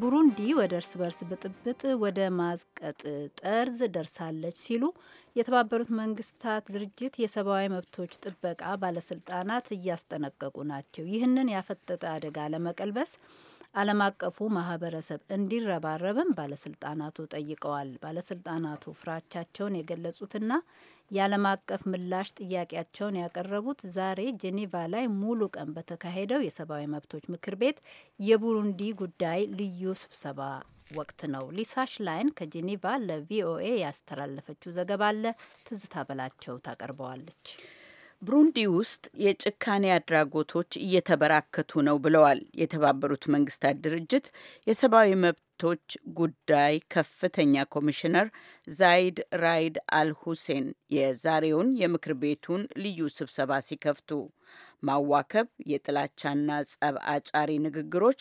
ቡሩንዲ ወደ እርስ በርስ ብጥብጥ ወደ ማዝቀጥ ጠርዝ ደርሳለች ሲሉ የተባበሩት መንግስታት ድርጅት የሰብአዊ መብቶች ጥበቃ ባለስልጣናት እያስጠነቀቁ ናቸው። ይህንን ያፈጠጠ አደጋ ለመቀልበስ ዓለም አቀፉ ማህበረሰብ እንዲረባረብም ባለስልጣናቱ ጠይቀዋል። ባለስልጣናቱ ፍራቻቸውን የገለጹትና የዓለም አቀፍ ምላሽ ጥያቄያቸውን ያቀረቡት ዛሬ ጄኔቫ ላይ ሙሉ ቀን በተካሄደው የሰብአዊ መብቶች ምክር ቤት የቡሩንዲ ጉዳይ ልዩ ስብሰባ ወቅት ነው። ሊሳሽ ላይን ከጄኔቫ ለቪኦኤ ያስተላለፈችው ዘገባ አለ። ትዝታ በላቸው ታቀርበዋለች። ብሩንዲ ውስጥ የጭካኔ አድራጎቶች እየተበራከቱ ነው ብለዋል የተባበሩት መንግስታት ድርጅት የሰብአዊ መብቶች ጉዳይ ከፍተኛ ኮሚሽነር ዛይድ ራይድ አል ሁሴን የዛሬውን የምክር ቤቱን ልዩ ስብሰባ ሲከፍቱ። ማዋከብ፣ የጥላቻና ጸብ አጫሪ ንግግሮች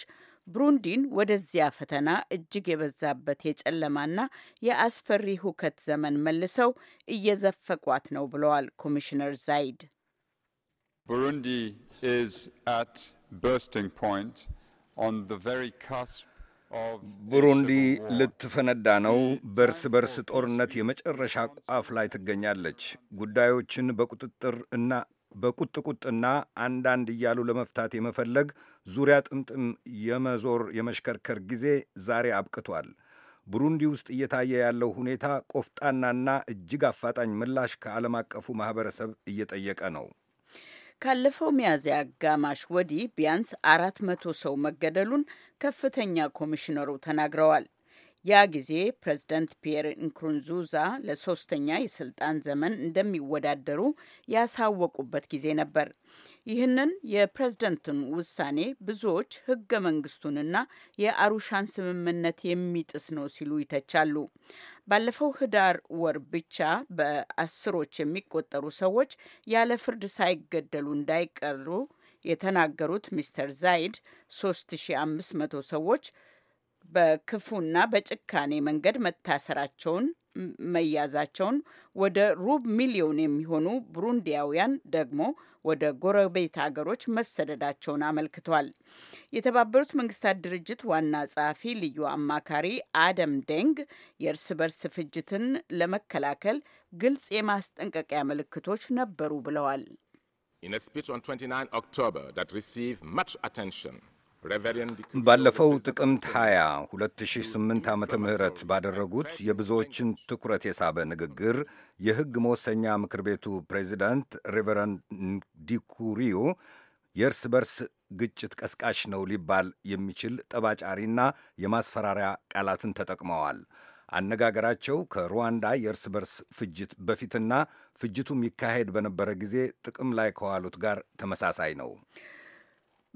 ብሩንዲን ወደዚያ ፈተና እጅግ የበዛበት የጨለማና የአስፈሪ ሁከት ዘመን መልሰው እየዘፈቋት ነው ብለዋል ኮሚሽነር ዛይድ። ብሩንዲ ኢዝ ቡሩንዲ ልትፈነዳ ነው። በእርስ በርስ ጦርነት የመጨረሻ ቋፍ ላይ ትገኛለች። ጉዳዮችን በቁጥጥር እና በቁጥቁጥና አንዳንድ እያሉ ለመፍታት የመፈለግ ዙሪያ ጥምጥም የመዞር የመሽከርከር ጊዜ ዛሬ አብቅቷል። ቡሩንዲ ውስጥ እየታየ ያለው ሁኔታ ቆፍጣናና እጅግ አፋጣኝ ምላሽ ከዓለም አቀፉ ማህበረሰብ እየጠየቀ ነው። ካለፈው ሚያዝያ አጋማሽ ወዲህ ቢያንስ አራት መቶ ሰው መገደሉን ከፍተኛ ኮሚሽነሩ ተናግረዋል። ያ ጊዜ ፕሬዝደንት ፒየር ንኩሩንዙዛ ለሶስተኛ የስልጣን ዘመን እንደሚወዳደሩ ያሳወቁበት ጊዜ ነበር። ይህንን የፕሬዝደንቱን ውሳኔ ብዙዎች ህገ መንግስቱንና የአሩሻን ስምምነት የሚጥስ ነው ሲሉ ይተቻሉ። ባለፈው ህዳር ወር ብቻ በአስሮች የሚቆጠሩ ሰዎች ያለ ፍርድ ሳይገደሉ እንዳይቀሩ የተናገሩት ሚስተር ዛይድ 3500 ሰዎች በክፉና በጭካኔ መንገድ መታሰራቸውን መያዛቸውን ወደ ሩብ ሚሊዮን የሚሆኑ ቡሩንዲያውያን ደግሞ ወደ ጎረቤት አገሮች መሰደዳቸውን አመልክቷል። የተባበሩት መንግስታት ድርጅት ዋና ጸሐፊ ልዩ አማካሪ አደም ደንግ የእርስ በርስ ፍጅትን ለመከላከል ግልጽ የማስጠንቀቂያ ምልክቶች ነበሩ ብለዋል። In a speech on 29 October that received much attention, ባለፈው ጥቅምት 20 2008 ዓመተ ምህረት ባደረጉት የብዙዎችን ትኩረት የሳበ ንግግር የሕግ መወሰኛ ምክር ቤቱ ፕሬዚዳንት ሬቨረንድ ዲኩሪዮ የእርስ በርስ ግጭት ቀስቃሽ ነው ሊባል የሚችል ጠባጫሪና የማስፈራሪያ ቃላትን ተጠቅመዋል። አነጋገራቸው ከሩዋንዳ የእርስ በርስ ፍጅት በፊትና ፍጅቱ ይካሄድ በነበረ ጊዜ ጥቅም ላይ ከዋሉት ጋር ተመሳሳይ ነው።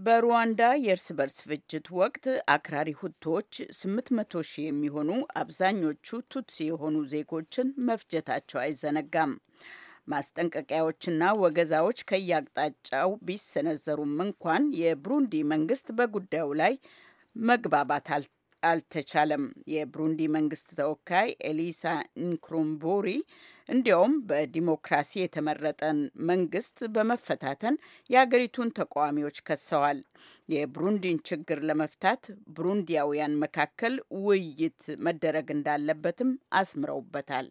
በሩዋንዳ የእርስ በርስ ፍጅት ወቅት አክራሪ ሁቶች 800 ሺህ የሚሆኑ አብዛኞቹ ቱትሲ የሆኑ ዜጎችን መፍጀታቸው አይዘነጋም። ማስጠንቀቂያዎችና ወገዛዎች ከየአቅጣጫው ቢሰነዘሩም እንኳን የብሩንዲ መንግስት በጉዳዩ ላይ መግባባት አልተቻለም። የብሩንዲ መንግስት ተወካይ ኤሊሳ ንክሩምቡሪ እንዲያውም በዲሞክራሲ የተመረጠን መንግስት በመፈታተን የአገሪቱን ተቃዋሚዎች ከሰዋል። የብሩንዲን ችግር ለመፍታት ብሩንዲያውያን መካከል ውይይት መደረግ እንዳለበትም አስምረውበታል።